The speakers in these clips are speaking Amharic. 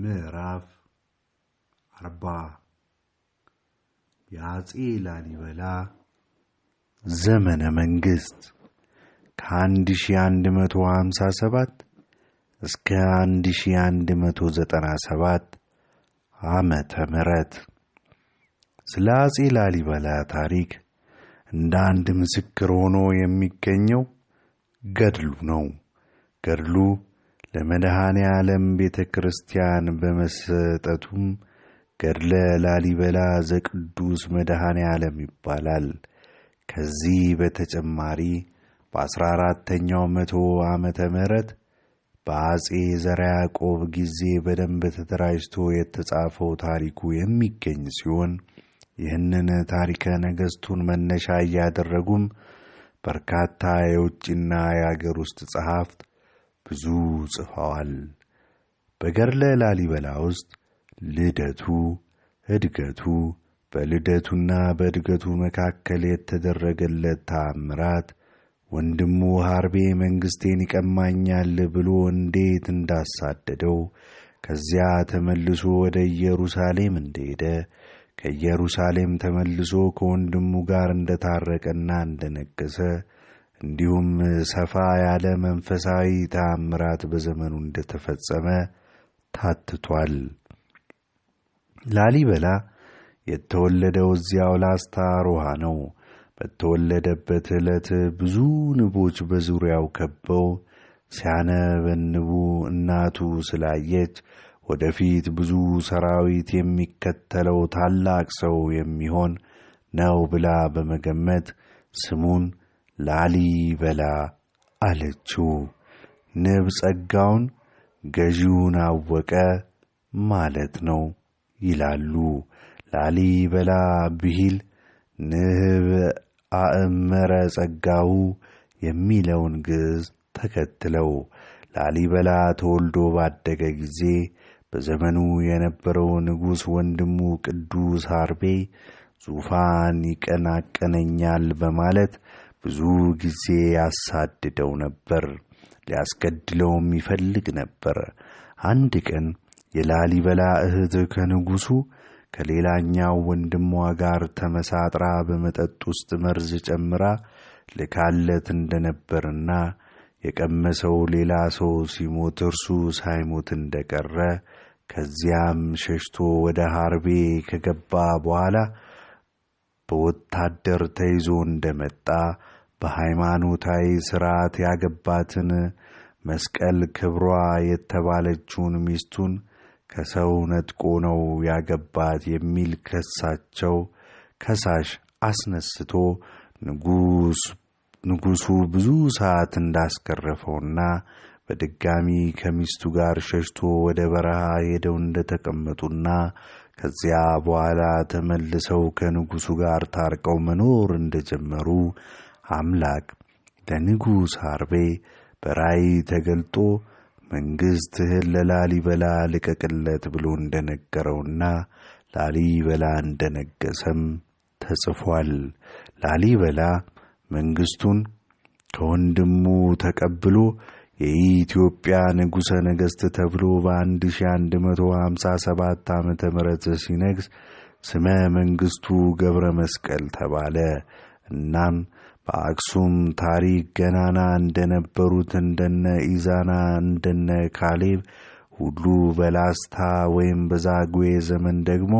ምዕራፍ አርባ የአጼ ላሊበላ ዘመነ መንግስት ከአንድ ሺ አንድ መቶ ሀምሳ ሰባት እስከ አንድ ሺ አንድ መቶ ዘጠና ሰባት ዓመተ ምሕረት ስለ አጼ ላሊበላ ታሪክ እንደ አንድ ምስክር ሆኖ የሚገኘው ገድሉ ነው። ገድሉ ለመድኃኔ ዓለም ቤተ ክርስቲያን በመሰጠቱም ገድለ ላሊበላ ዘቅዱስ መድኃኔ ዓለም ይባላል። ከዚህ በተጨማሪ በአስራ አራተኛው መቶ ዓመተ ምረት በአጼ ዘርዓ ያዕቆብ ጊዜ በደንብ ተደራጅቶ የተጻፈው ታሪኩ የሚገኝ ሲሆን ይህንን ታሪከ ነገሥቱን መነሻ እያደረጉም በርካታ የውጭና የአገር ውስጥ ጸሐፍት ብዙ ጽፈዋል። በገርለ ላሊበላ ውስጥ ልደቱ፣ እድገቱ፣ በልደቱና በእድገቱ መካከል የተደረገለት ታምራት፣ ወንድሙ ሐርቤ መንግሥቴን ይቀማኛል ብሎ እንዴት እንዳሳደደው፣ ከዚያ ተመልሶ ወደ ኢየሩሳሌም እንደሄደ፣ ከኢየሩሳሌም ተመልሶ ከወንድሙ ጋር እንደታረቀና እንደነገሰ እንዲሁም ሰፋ ያለ መንፈሳዊ ተአምራት በዘመኑ እንደተፈጸመ ታትቷል። ላሊበላ የተወለደው እዚያው ላስታ ሮሃ ነው። በተወለደበት ዕለት ብዙ ንቦች በዙሪያው ከበው ሲያነበንቡ እናቱ ስላየች ወደፊት ብዙ ሰራዊት የሚከተለው ታላቅ ሰው የሚሆን ነው ብላ በመገመት ስሙን ላሊበላ አለችው። ንብ ጸጋውን ገዢውን አወቀ ማለት ነው ይላሉ። ላሊበላ ብሂል ንህብ አእመረ ጸጋው የሚለውን ግዝ ተከትለው ላሊበላ ተወልዶ ባደገ ጊዜ በዘመኑ የነበረው ንጉሥ ወንድሙ ቅዱስ አርቤ ዙፋን ይቀናቀነኛል በማለት ብዙ ጊዜ ያሳድደው ነበር፣ ሊያስገድለውም ይፈልግ ነበር። አንድ ቀን የላሊበላ እህት ከንጉሡ ከሌላኛው ወንድሟ ጋር ተመሳጥራ በመጠጥ ውስጥ መርዝ ጨምራ ልካለት እንደነበርና የቀመሰው ሌላ ሰው ሲሞት እርሱ ሳይሞት እንደቀረ ከዚያም ሸሽቶ ወደ ሐርቤ ከገባ በኋላ በወታደር ተይዞ እንደመጣ በሃይማኖታዊ ሥርዓት ያገባትን መስቀል ክብሯ የተባለችውን ሚስቱን ከሰው ነጥቆ ነው ያገባት የሚል ከሳቸው ከሳሽ አስነስቶ ንጉሱ ንጉሡ ብዙ ሰዓት እንዳስገረፈውና በድጋሚ ከሚስቱ ጋር ሸሽቶ ወደ በረሃ ሄደው እንደተቀመጡና ከዚያ በኋላ ተመልሰው ከንጉሡ ጋር ታርቀው መኖር እንደጀመሩ አምላክ ለንጉሥ አርቤ በራይ ተገልጦ መንግሥትህን ለላሊበላ ልቀቅለት ብሎ እንደነገረውና ላሊበላ እንደነገሰም ተጽፏል። ላሊበላ መንግሥቱን ከወንድሙ ተቀብሎ የኢትዮጵያ ንጉሠ ነገሥት ተብሎ በ ሰባት ዓመተ ምህረት ሲነግስ ስመ መንግሥቱ ገብረ መስቀል ተባለ። እናም በአክሱም ታሪክ ገናና እንደነበሩት እንደነ ኢዛና እንደነ ካሌብ ሁሉ በላስታ ወይም በዛጉዌ ዘመን ደግሞ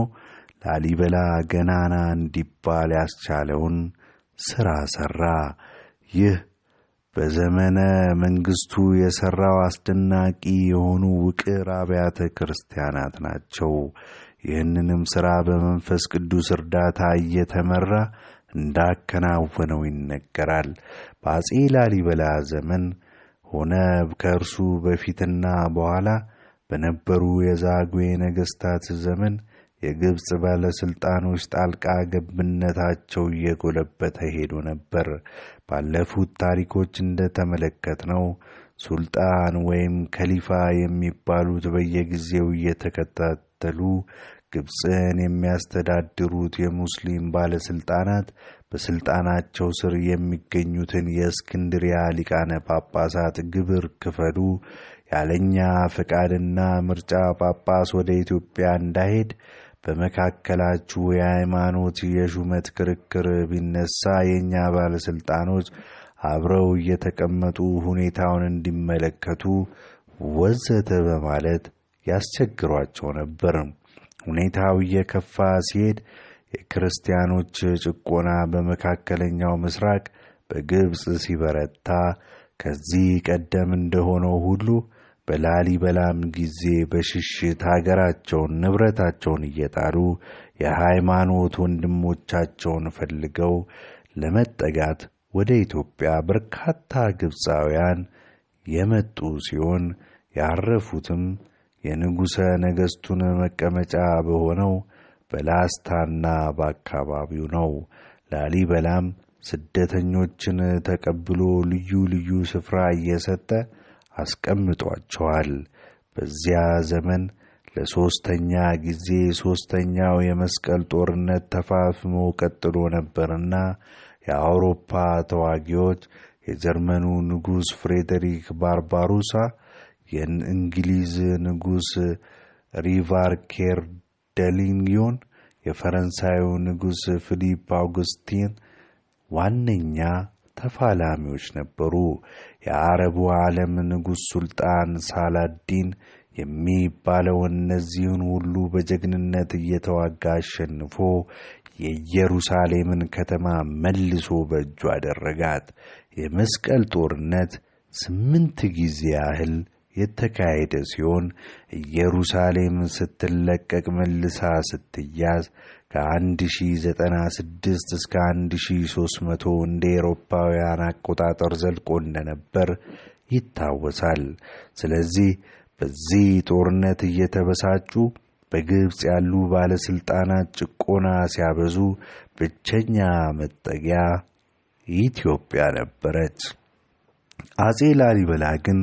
ላሊበላ ገናና እንዲባል ያስቻለውን ሥራ ሠራ። ይህ በዘመነ መንግሥቱ የሠራው አስደናቂ የሆኑ ውቅር አብያተ ክርስቲያናት ናቸው። ይህንንም ሥራ በመንፈስ ቅዱስ እርዳታ እየተመራ እንዳከናወነው ይነገራል። በአጼ ላሊበላ ዘመን ሆነ ከእርሱ በፊትና በኋላ በነበሩ የዛጉዌ ነገሥታት ዘመን የግብፅ ባለሥልጣኖች ጣልቃ ገብነታቸው እየጎለበተ ሄዶ ነበር። ባለፉት ታሪኮች ነው። ሱልጣን ወይም ከሊፋ የሚባሉት በየጊዜው እየተከታተሉ ግብፅን የሚያስተዳድሩት የሙስሊም ባለሥልጣናት በሥልጣናቸው ስር የሚገኙትን የእስክንድሪያ ሊቃነ ጳጳሳት ግብር ክፈሉ፣ ያለኛ ፈቃድና ምርጫ ጳጳስ ወደ ኢትዮጵያ እንዳይሄድ፣ በመካከላችሁ የሃይማኖት የሹመት ክርክር ቢነሳ የእኛ ባለሥልጣኖች አብረው እየተቀመጡ ሁኔታውን እንዲመለከቱ ወዘተ በማለት ያስቸግሯቸው ነበር። ሁኔታው እየከፋ ሲሄድ የክርስቲያኖች ጭቆና በመካከለኛው ምስራቅ በግብፅ ሲበረታ ከዚህ ቀደም እንደሆነው ሁሉ በላሊበላም ጊዜ በሽሽት ሀገራቸውን ንብረታቸውን እየጣሉ የሃይማኖት ወንድሞቻቸውን ፈልገው ለመጠጋት ወደ ኢትዮጵያ በርካታ ግብፃውያን የመጡ ሲሆን ያረፉትም የንጉሠ ነገሥቱን መቀመጫ በሆነው በላስታና በአካባቢው ነው። ላሊበላም ስደተኞችን ተቀብሎ ልዩ ልዩ ስፍራ እየሰጠ አስቀምጧቸዋል። በዚያ ዘመን ለሦስተኛ ጊዜ ሦስተኛው የመስቀል ጦርነት ተፋፍሞ ቀጥሎ ነበርና የአውሮፓ ተዋጊዎች የጀርመኑ ንጉሥ ፍሬደሪክ ባርባሩሳ የእንግሊዝ ንጉሥ ሪቫር ኬር ደሊንዮን የፈረንሳዩ ንጉሥ ፊሊፕ አውግስቲን ዋነኛ ተፋላሚዎች ነበሩ። የአረቡ ዓለም ንጉሥ ሱልጣን ሳላዲን የሚባለው እነዚህን ሁሉ በጀግንነት እየተዋጋ አሸንፎ የኢየሩሳሌምን ከተማ መልሶ በእጁ አደረጋት። የመስቀል ጦርነት ስምንት ጊዜ ያህል የተካሄደ ሲሆን ኢየሩሳሌም ስትለቀቅ መልሳ ስትያዝ ከ1096 እስከ 1300 እንደ ኤሮፓውያን አቆጣጠር ዘልቆ እንደነበር ይታወሳል። ስለዚህ በዚህ ጦርነት እየተበሳጩ በግብፅ ያሉ ባለሥልጣናት ጭቆና ሲያበዙ ብቸኛ መጠጊያ ኢትዮጵያ ነበረች። አጼ ላሊበላ ግን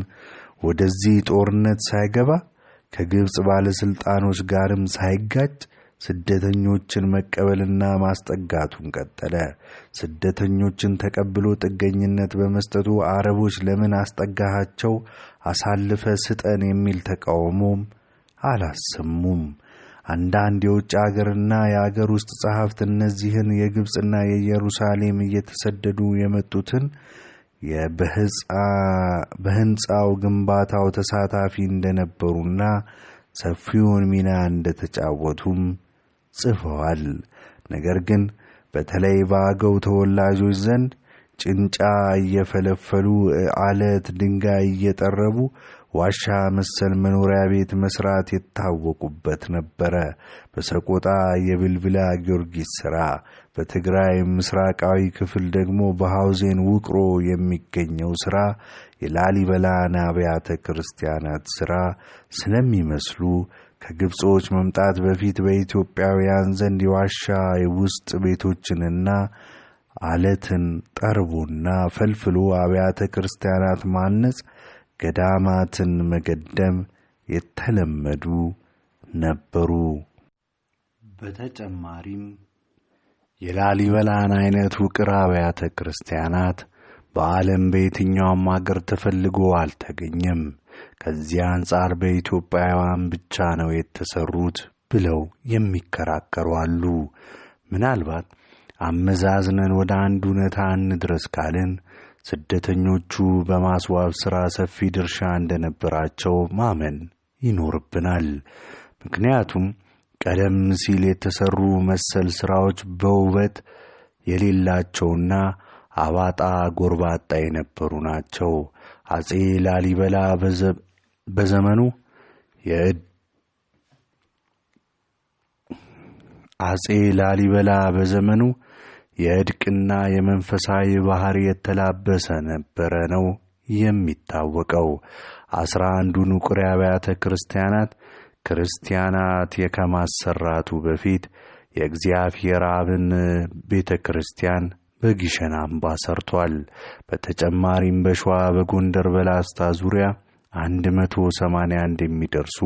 ወደዚህ ጦርነት ሳይገባ ከግብፅ ባለሥልጣኖች ጋርም ሳይጋጭ ስደተኞችን መቀበልና ማስጠጋቱን ቀጠለ። ስደተኞችን ተቀብሎ ጥገኝነት በመስጠቱ አረቦች ለምን አስጠጋሃቸው? አሳልፈ ስጠን የሚል ተቃውሞም አላሰሙም። አንዳንድ የውጭ አገርና የአገር ውስጥ ጸሐፍት እነዚህን የግብፅና የኢየሩሳሌም እየተሰደዱ የመጡትን በህንፃው ግንባታው ተሳታፊ እንደነበሩና ሰፊውን ሚና እንደተጫወቱም ጽፈዋል። ነገር ግን በተለይ በአገው ተወላጆች ዘንድ ጭንጫ እየፈለፈሉ አለት ድንጋይ እየጠረቡ ዋሻ መሰል መኖሪያ ቤት መስራት የታወቁበት ነበረ። በሰቆጣ የብልብላ ጊዮርጊስ ሥራ በትግራይ ምስራቃዊ ክፍል ደግሞ በሐውዜን ውቅሮ የሚገኘው ሥራ የላሊበላን አብያተ ክርስቲያናት ሥራ ስለሚመስሉ ከግብጾች መምጣት በፊት በኢትዮጵያውያን ዘንድ የዋሻ የውስጥ ቤቶችንና አለትን ጠርቦና ፈልፍሎ አብያተ ክርስቲያናት ማነጽ፣ ገዳማትን መገደም የተለመዱ ነበሩ። በተጨማሪም የላሊበላን አይነት ውቅር አብያተ ክርስቲያናት በዓለም በየትኛውም አገር ተፈልጎ አልተገኘም። ከዚያ አንጻር በኢትዮጵያውያን ብቻ ነው የተሰሩት ብለው የሚከራከሩ አሉ። ምናልባት አመዛዝነን ወደ አንድ እውነታ እንድረስ ካልን ስደተኞቹ በማስዋብ ሥራ ሰፊ ድርሻ እንደነበራቸው ማመን ይኖርብናል። ምክንያቱም ቀደም ሲል የተሠሩ መሰል ሥራዎች በውበት የሌላቸውና አባጣ ጎርባጣ የነበሩ ናቸው። አጼ ላሊበላ በዘመኑ አጼ ላሊበላ በዘመኑ የእድቅና የመንፈሳዊ ባህር የተላበሰ ነበረ ነው የሚታወቀው። አስራ አንዱ ንቁር አብያተ ክርስቲያናት ክርስቲያናት ከማሰራቱ በፊት የእግዚአብሔር አብን ቤተ ክርስቲያን በጊሸን አምባ ሰርቷል። በተጨማሪም በሸዋ በጎንደር በላስታ ዙሪያ 181 የሚደርሱ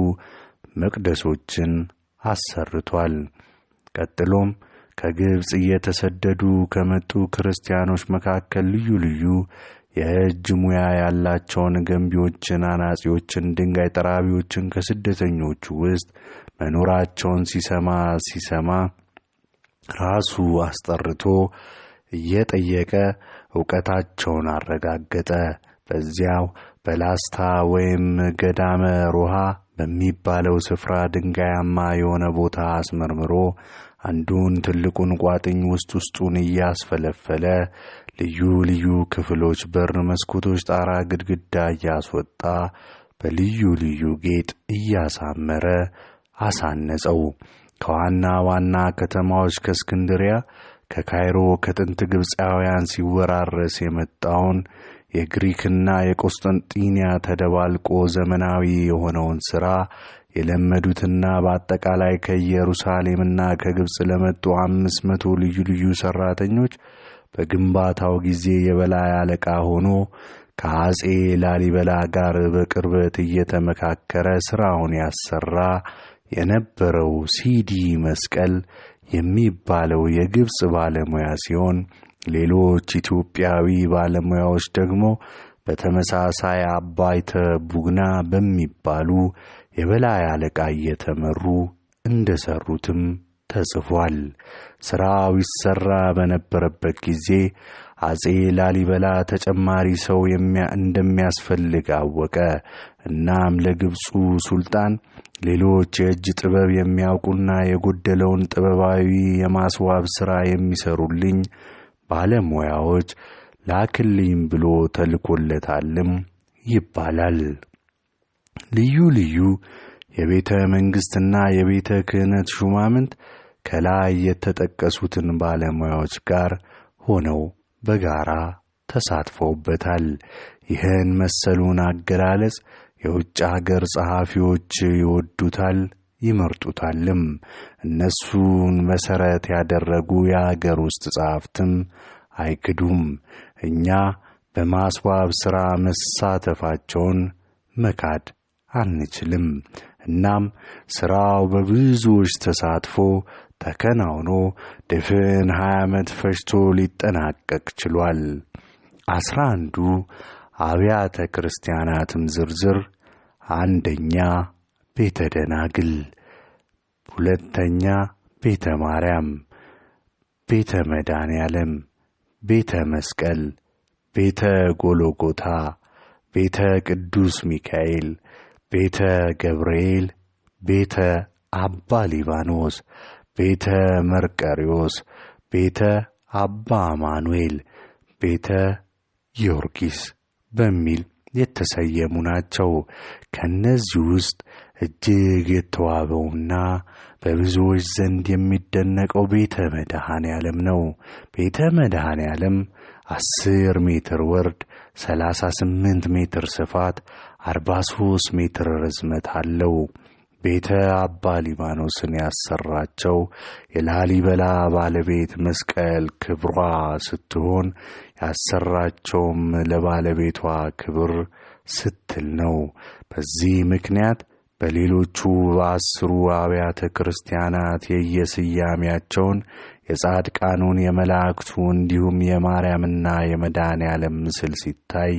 መቅደሶችን አሰርቷል። ቀጥሎም ከግብፅ እየተሰደዱ ከመጡ ክርስቲያኖች መካከል ልዩ ልዩ የእጅ ሙያ ያላቸውን ገንቢዎችን፣ አናጺዎችን፣ ድንጋይ ጠራቢዎችን ከስደተኞቹ ውስጥ መኖራቸውን ሲሰማ ሲሰማ ራሱ አስጠርቶ እየጠየቀ እውቀታቸውን አረጋገጠ። በዚያው በላስታ ወይም ገዳመ ሮሃ በሚባለው ስፍራ ድንጋያማ የሆነ ቦታ አስመርምሮ አንዱን ትልቁን ቋጥኝ ውስጥ ውስጡን እያስፈለፈለ ልዩ ልዩ ክፍሎች፣ በር፣ መስኮቶች፣ ጣራ፣ ግድግዳ እያስወጣ በልዩ ልዩ ጌጥ እያሳመረ አሳነጸው። ከዋና ዋና ከተማዎች ከእስክንድሪያ፣ ከካይሮ፣ ከጥንት ግብፃውያን ሲወራረስ የመጣውን የግሪክና የቆስጠንጢንያ ተደባልቆ ዘመናዊ የሆነውን ሥራ የለመዱትና በአጠቃላይ ከኢየሩሳሌምና ከግብፅ ለመጡ አምስት መቶ ልዩ ልዩ ሠራተኞች በግንባታው ጊዜ የበላይ አለቃ ሆኖ ከአጼ ላሊበላ ጋር በቅርበት እየተመካከረ ሥራውን ያሰራ የነበረው ሲዲ መስቀል የሚባለው የግብፅ ባለሙያ ሲሆን ሌሎች ኢትዮጵያዊ ባለሙያዎች ደግሞ በተመሳሳይ አባይተ ቡግና በሚባሉ የበላይ አለቃ እየተመሩ እንደ ሠሩትም ተጽፏል። ሥራው ይሠራ በነበረበት ጊዜ አጼ ላሊበላ ተጨማሪ ሰው እንደሚያስፈልግ አወቀ። እናም ለግብፁ ሱልጣን ሌሎች የእጅ ጥበብ የሚያውቁና የጎደለውን ጥበባዊ የማስዋብ ሥራ የሚሰሩልኝ ባለሙያዎች ላክልኝ ብሎ ተልኮለታልም ይባላል። ልዩ ልዩ የቤተ መንግሥትና የቤተ ክህነት ሹማምንት ከላይ የተጠቀሱትን ባለሙያዎች ጋር ሆነው በጋራ ተሳትፈውበታል። ይህን መሰሉን አገላለጽ የውጭ አገር ጸሐፊዎች ይወዱታል፣ ይመርጡታልም። እነሱን መሠረት ያደረጉ የአገር ውስጥ ጸሐፍትም አይክዱም። እኛ በማስዋብ ሥራ መሳተፋቸውን መካድ አንችልም። እናም ሥራው በብዙዎች ተሳትፎ ተከናውኖ ድፍን ሀያ ዓመት ፈጅቶ ሊጠናቀቅ ችሏል። አስራ አንዱ አብያተ ክርስቲያናትም ዝርዝር አንደኛ ቤተ ደናግል፣ ሁለተኛ ቤተ ማርያም፣ ቤተ መዳን ያለም፣ ቤተ መስቀል፣ ቤተ ጎሎጎታ፣ ቤተ ቅዱስ ሚካኤል ቤተ ገብርኤል፣ ቤተ አባ ሊባኖስ፣ ቤተ መርቀሪዎስ፣ ቤተ አባ አማኑኤል፣ ቤተ ጊዮርጊስ በሚል የተሰየሙ ናቸው። ከእነዚህ ውስጥ እጅግ የተዋበውና በብዙዎች ዘንድ የሚደነቀው ቤተ መድኃኔ ዓለም ነው። ቤተ መድኃኔ ዓለም አስር ሜትር ወርድ፣ ሰላሳ ስምንት ሜትር ስፋት፣ 43 ሜትር ርዝመት አለው። ቤተ አባ ሊባኖስን ያሰራቸው የላሊበላ ባለቤት መስቀል ክብሯ ስትሆን ያሰራቸውም ለባለቤቷ ክብር ስትል ነው። በዚህ ምክንያት በሌሎቹ በአስሩ አብያተ ክርስቲያናት የየስያሜያቸውን የጻድቃኑን የመላእክቱ እንዲሁም የማርያምና የመድኃኔ ዓለም ምስል ሲታይ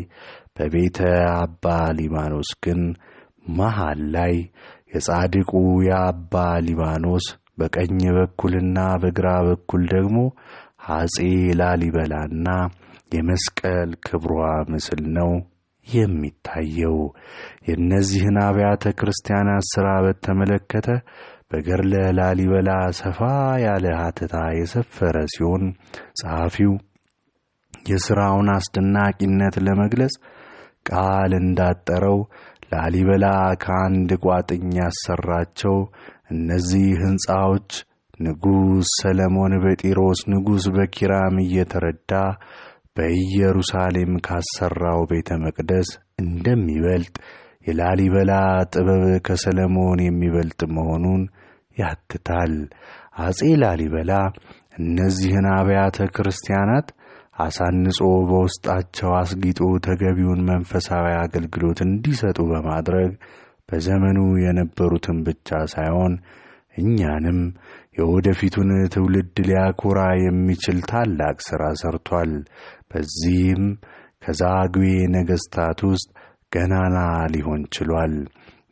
በቤተ አባ ሊባኖስ ግን መሃል ላይ የጻድቁ የአባ ሊባኖስ በቀኝ በኩልና በግራ በኩል ደግሞ አጼ ላሊበላና የመስቀል ክብሯ ምስል ነው የሚታየው። የእነዚህን አብያተ ክርስቲያናት ሥራ በተመለከተ በገርለ ላሊበላ ሰፋ ያለ ሀተታ የሰፈረ ሲሆን ጸሐፊው የሥራውን አስደናቂነት ለመግለጽ ቃል እንዳጠረው ላሊበላ ከአንድ ቋጥኝ ያሰራቸው እነዚህ ሕንፃዎች ንጉሥ ሰለሞን በጢሮስ ንጉሥ በኪራም እየተረዳ በኢየሩሳሌም ካሰራው ቤተ መቅደስ እንደሚበልጥ የላሊበላ ጥበብ ከሰለሞን የሚበልጥ መሆኑን ያትታል። አፄ ላሊበላ እነዚህን አብያተ ክርስቲያናት አሳንጾ በውስጣቸው አስጊጦ ተገቢውን መንፈሳዊ አገልግሎት እንዲሰጡ በማድረግ በዘመኑ የነበሩትን ብቻ ሳይሆን እኛንም የወደፊቱን ትውልድ ሊያኮራ የሚችል ታላቅ ሥራ ሠርቷል። በዚህም ከዛግዌ ነገሥታት ውስጥ ገናና ሊሆን ችሏል።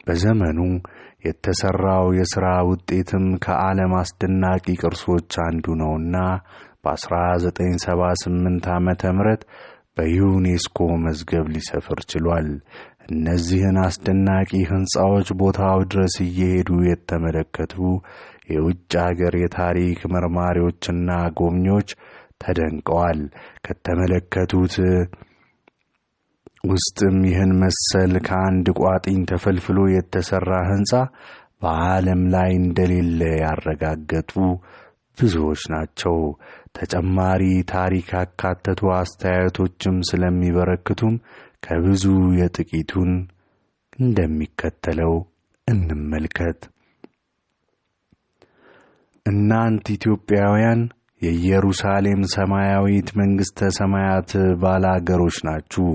በዘመኑ የተሠራው የሥራ ውጤትም ከዓለም አስደናቂ ቅርሶች አንዱ ነውና በ1978 ዓ ም በዩኔስኮ መዝገብ ሊሰፍር ችሏል። እነዚህን አስደናቂ ሕንፃዎች ቦታው ድረስ እየሄዱ የተመለከቱ የውጭ አገር የታሪክ መርማሪዎችና ጎብኚዎች ተደንቀዋል። ከተመለከቱት ውስጥም ይህን መሰል ከአንድ ቋጥኝ ተፈልፍሎ የተሰራ ሕንፃ በዓለም ላይ እንደሌለ ያረጋገጡ ብዙዎች ናቸው። ተጨማሪ ታሪክ ያካተቱ አስተያየቶችም ስለሚበረክቱም ከብዙ የጥቂቱን እንደሚከተለው እንመልከት። እናንት ኢትዮጵያውያን የኢየሩሳሌም ሰማያዊት መንግሥተ ሰማያት ባላገሮች ናችሁ።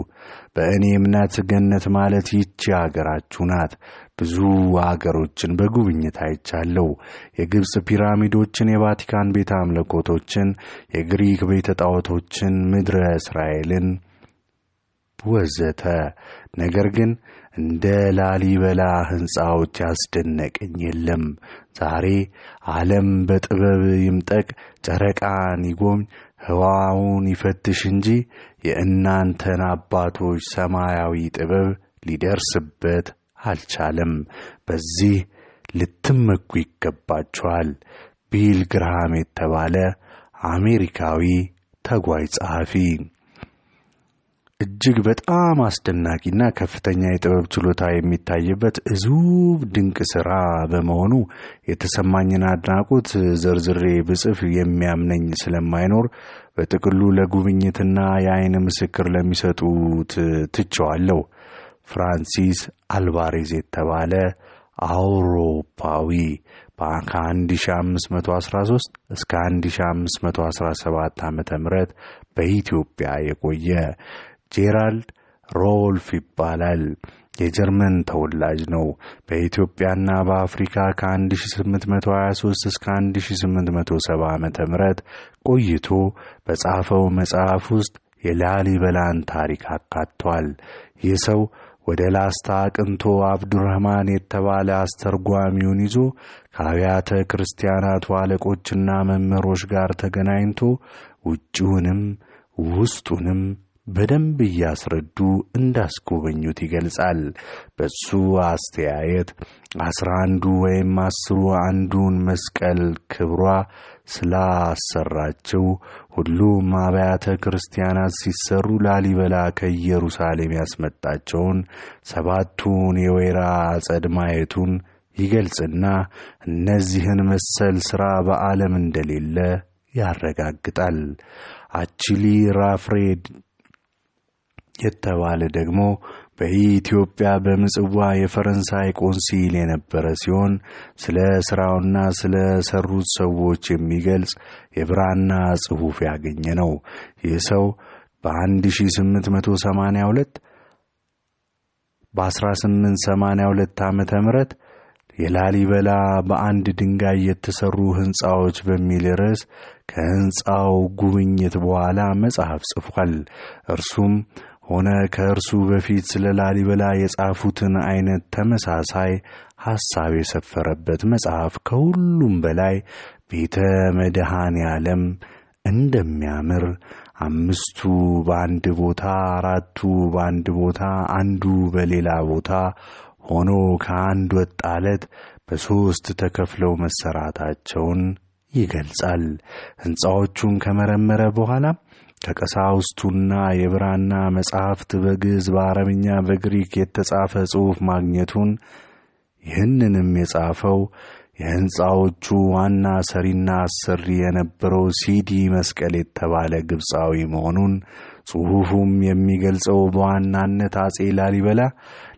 በእኔ እምነት ገነት ማለት ይቺ አገራችሁ ናት። ብዙ አገሮችን በጉብኝት አይቻለሁ። የግብፅ ፒራሚዶችን፣ የቫቲካን ቤተ አምልኮቶችን፣ የግሪክ ቤተ ጣዖቶችን፣ ምድረ እስራኤልን ወዘተ። ነገር ግን እንደ ላሊበላ ሕንፃዎች ያስደነቀኝ የለም። ዛሬ ዓለም በጥበብ ይምጠቅ፣ ጨረቃን ይጎብኝ፣ ሕዋውን ይፈትሽ እንጂ የእናንተን አባቶች ሰማያዊ ጥበብ ሊደርስበት አልቻለም። በዚህ ልትመኩ ይገባችኋል ቢል ግርሃም የተባለ አሜሪካዊ ተጓዥ ጸሐፊ እጅግ በጣም አስደናቂና ከፍተኛ የጥበብ ችሎታ የሚታይበት እዙብ ድንቅ ስራ በመሆኑ የተሰማኝን አድናቆት ዘርዝሬ ብጽፍ የሚያምነኝ ስለማይኖር በጥቅሉ ለጉብኝትና የአይን ምስክር ለሚሰጡት ትቸዋለሁ። ፍራንሲስ አልቫሬዝ የተባለ አውሮፓዊ ከ1513 እስከ 1517 ዓ ም በኢትዮጵያ የቆየ ጄራልድ ሮልፍ ይባላል። የጀርመን ተወላጅ ነው። በኢትዮጵያና በአፍሪካ ከ1823 እስከ 1870 ዓ ም ቆይቶ በጻፈው መጽሐፍ ውስጥ የላሊበላን ታሪክ አካቷል። ይህ ሰው ወደ ላስታ አቅንቶ አብዱራህማን የተባለ አስተርጓሚውን ይዞ ከአብያተ ክርስቲያናቱ አለቆችና መምህሮች ጋር ተገናኝቶ ውጭውንም ውስጡንም በደንብ እያስረዱ እንዳስጎበኙት ይገልጻል። በሱ አስተያየት አስራ አንዱ ወይም አስሩ አንዱን መስቀል ክብሯ ስላሰራቸው ሁሉም አብያተ ክርስቲያናት ሲሰሩ ላሊበላ ከኢየሩሳሌም ያስመጣቸውን ሰባቱን የወይራ አጸድ ማየቱን ይገልጽና እነዚህን መሰል ሥራ በዓለም እንደሌለ ያረጋግጣል። አችሊ ራፍሬድ የተባለ ደግሞ በኢትዮጵያ በምጽዋ የፈረንሳይ ቆንሲል የነበረ ሲሆን ስለ ሥራውና ስለ ሰሩት ሰዎች የሚገልጽ የብራና ጽሑፍ ያገኘ ነው። ይህ ሰው በ1882 በ1882 ዓመተ ምህረት የላሊበላ በአንድ ድንጋይ የተሰሩ ሕንፃዎች በሚል ርዕስ ከሕንፃው ጉብኝት በኋላ መጽሐፍ ጽፏል። እርሱም ሆነ ከእርሱ በፊት ስለ ላሊበላ የጻፉትን አይነት ተመሳሳይ ሐሳብ የሰፈረበት መጽሐፍ ከሁሉም በላይ ቤተ መድኃኔ ዓለም እንደሚያምር አምስቱ በአንድ ቦታ፣ አራቱ በአንድ ቦታ፣ አንዱ በሌላ ቦታ ሆኖ ከአንድ ወጥ አለት በሦስት ተከፍለው መሠራታቸውን ይገልጻል። ሕንፃዎቹን ከመረመረ በኋላም ከቀሳውስቱና የብራና መጻሕፍት በግዕዝ በአረብኛ በግሪክ የተጻፈ ጽሑፍ ማግኘቱን ይህንንም የጻፈው የሕንፃዎቹ ዋና ሰሪና አሰሪ የነበረው ሲዲ መስቀል የተባለ ግብፃዊ መሆኑን ጽሑፉም የሚገልጸው በዋናነት አጼ ላሊበላ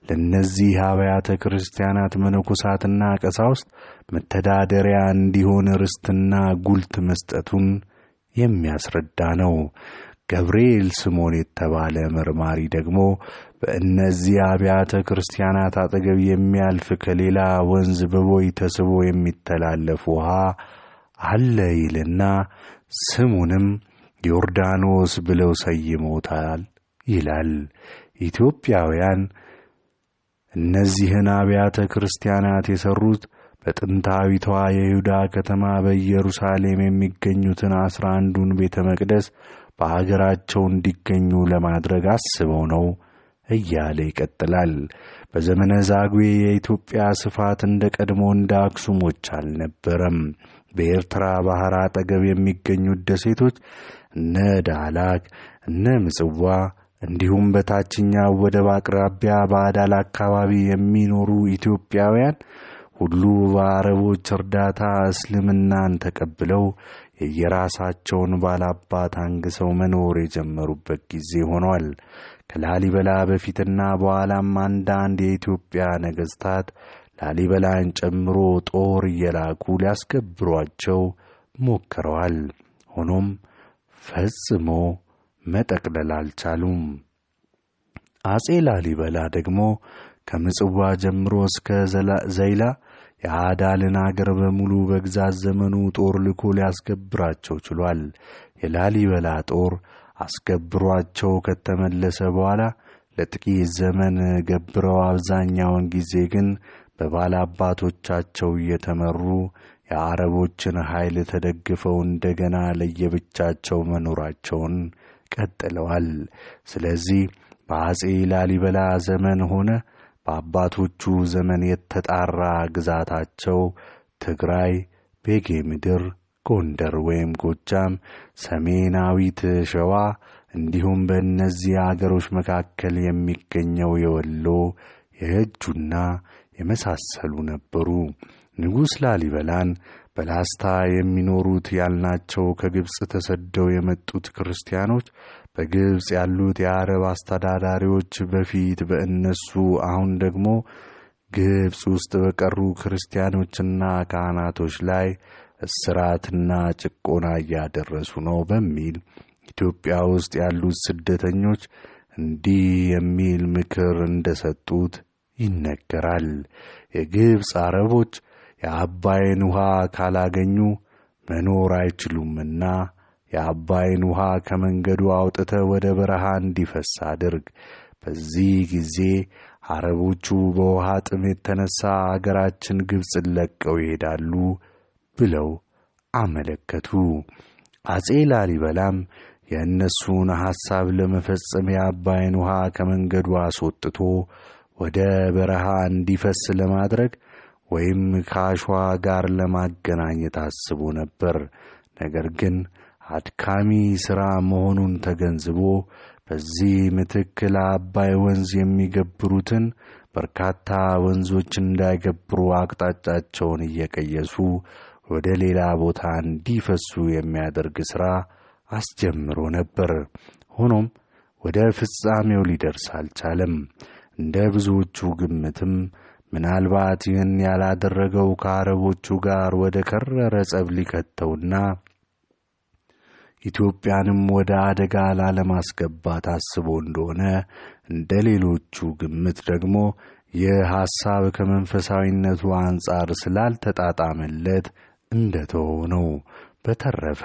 ለእነዚህ አብያተ ክርስቲያናት መነኮሳትና ቀሳውስት መተዳደሪያ እንዲሆን ርስትና ጉልት መስጠቱን የሚያስረዳ ነው። ገብርኤል ስምዖን የተባለ መርማሪ ደግሞ በእነዚህ አብያተ ክርስቲያናት አጠገብ የሚያልፍ ከሌላ ወንዝ በቦይ ተስቦ የሚተላለፍ ውሃ አለ ይልና ስሙንም ዮርዳኖስ ብለው ሰይመውታል ይላል። ኢትዮጵያውያን እነዚህን አብያተ ክርስቲያናት የሠሩት በጥንታዊቷ የይሁዳ ከተማ በኢየሩሳሌም የሚገኙትን አስራ አንዱን ቤተ መቅደስ በሀገራቸው እንዲገኙ ለማድረግ አስበው ነው እያለ ይቀጥላል። በዘመነ ዛግዌ የኢትዮጵያ ስፋት እንደ ቀድሞ እንደ አክሱሞች አልነበረም። በኤርትራ ባሕር አጠገብ የሚገኙት ደሴቶች እነ ዳላክ እነ ምጽዋ እንዲሁም በታችኛው ወደብ አቅራቢያ በአዳል አካባቢ የሚኖሩ ኢትዮጵያውያን ሁሉ በአረቦች እርዳታ እስልምናን ተቀብለው የየራሳቸውን ባላባት አንግሰው መኖር የጀመሩበት ጊዜ ሆኗል። ከላሊበላ በፊትና በኋላም አንዳንድ የኢትዮጵያ ነገሥታት ላሊበላን ጨምሮ ጦር እየላኩ ሊያስከብሯቸው ሞክረዋል። ሆኖም ፈጽሞ መጠቅለል አልቻሉም። አጼ ላሊበላ ደግሞ ከምጽዋ ጀምሮ እስከ ዘይላ የአዳልን አገር በሙሉ በግዛት ዘመኑ ጦር ልኮ ሊያስገብራቸው ችሏል። የላሊበላ ጦር አስገብሯቸው ከተመለሰ በኋላ ለጥቂት ዘመን ገብረው አብዛኛውን ጊዜ ግን በባላባቶቻቸው እየተመሩ የአረቦችን ኃይል ተደግፈው እንደገና ለየብቻቸው መኖራቸውን ቀጥለዋል። ስለዚህ በአጼ ላሊበላ ዘመን ሆነ በአባቶቹ ዘመን የተጣራ ግዛታቸው ትግራይ፣ ቤጌ ምድር፣ ጎንደር ወይም ጎጃም፣ ሰሜናዊት ሸዋ እንዲሁም በእነዚህ አገሮች መካከል የሚገኘው የወሎ የእጁና የመሳሰሉ ነበሩ። ንጉሥ ላሊበላን በላስታ የሚኖሩት ያልናቸው ከግብፅ ተሰደው የመጡት ክርስቲያኖች በግብፅ ያሉት የአረብ አስተዳዳሪዎች በፊት በእነሱ አሁን ደግሞ ግብፅ ውስጥ በቀሩ ክርስቲያኖችና ካህናቶች ላይ እስራትና ጭቆና እያደረሱ ነው በሚል ኢትዮጵያ ውስጥ ያሉት ስደተኞች እንዲህ የሚል ምክር እንደሰጡት ይነገራል። የግብፅ አረቦች የአባይን ውሃ ካላገኙ መኖር አይችሉምና የአባይን ውሃ ከመንገዱ አውጥተ ወደ በረሃ እንዲፈስ አድርግ። በዚህ ጊዜ አረቦቹ በውሃ ጥም የተነሣ አገራችን ግብፅን ለቀው ይሄዳሉ ብለው አመለከቱ። አፄ ላሊበላም የእነሱን ሐሳብ ለመፈጸም የአባይን ውሃ ከመንገዱ አስወጥቶ ወደ በረሃ እንዲፈስ ለማድረግ ወይም ከአሸዋ ጋር ለማገናኘት አስቦ ነበር። ነገር ግን አድካሚ ሥራ መሆኑን ተገንዝቦ በዚህ ምትክ ለአባይ ወንዝ የሚገብሩትን በርካታ ወንዞች እንዳይገብሩ አቅጣጫቸውን እየቀየሱ ወደ ሌላ ቦታ እንዲፈሱ የሚያደርግ ሥራ አስጀምሮ ነበር። ሆኖም ወደ ፍጻሜው ሊደርስ አልቻለም። እንደ ብዙዎቹ ግምትም ምናልባት ይህን ያላደረገው ከአረቦቹ ጋር ወደ ከረረ ጸብ ሊከተውና ኢትዮጵያንም ወደ አደጋ ላለማስገባት አስቦ እንደሆነ እንደ ሌሎቹ ግምት ደግሞ ይህ ሐሳብ ከመንፈሳዊነቱ አንጻር ስላልተጣጣመለት እንደተወው ነው። በተረፈ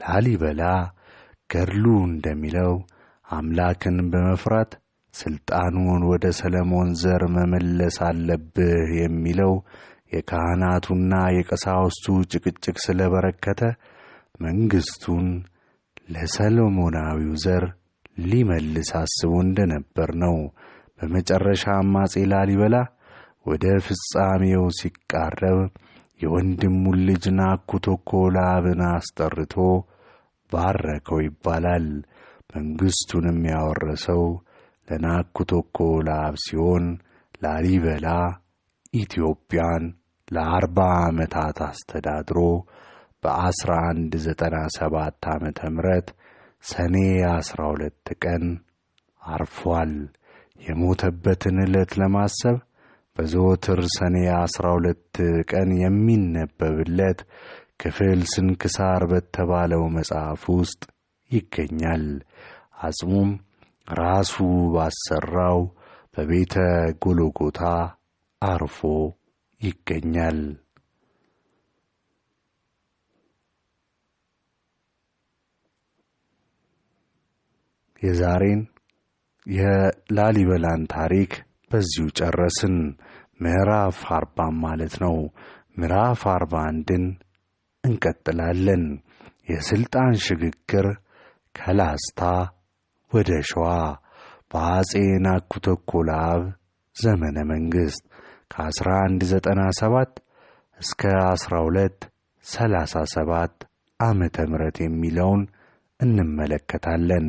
ላሊበላ ገድሉ እንደሚለው አምላክን በመፍራት ስልጣኑን ወደ ሰለሞን ዘር መመለስ አለብህ የሚለው የካህናቱና የቀሳውስቱ ጭቅጭቅ ስለበረከተ መንግሥቱን ለሰሎሞናዊው ዘር ሊመልስ አስቦ ነበር ነው። በመጨረሻ አጼ ላሊበላ ወደ ፍጻሜው ሲቃረብ የወንድሙን ልጅ ናኩቶኮ ለአብን አስጠርቶ ባረከው ይባላል። መንግሥቱንም ያወረሰው lanaakku tokko la'absiyoon laalibalaa ኢትዮጵያን ለአርባ ዓመታት አስተዳድሮ በ1197 ዓመተ ምህረት ሰኔ 12 ቀን አርፏል። የሞተበትን ዕለት ለማሰብ በዘወትር ሰኔ 12 ቀን የሚነበብለት ክፍል ስንክሳር በተባለው መጽሐፍ ውስጥ ይገኛል። አጽሙም ራሱ ባሰራው በቤተ ጎሎጎታ አርፎ ይገኛል። የዛሬን የላሊበላን ታሪክ በዚሁ ጨረስን። ምዕራፍ አርባን ማለት ነው። ምዕራፍ አርባ አንድን እንቀጥላለን። የስልጣን ሽግግር ከላስታ ወደ ሸዋ በአጼ ናኩቶ ለአብ ዘመነ መንግሥት ከ1197 እስከ 1237 ዓመተ ምሕረት የሚለውን እንመለከታለን።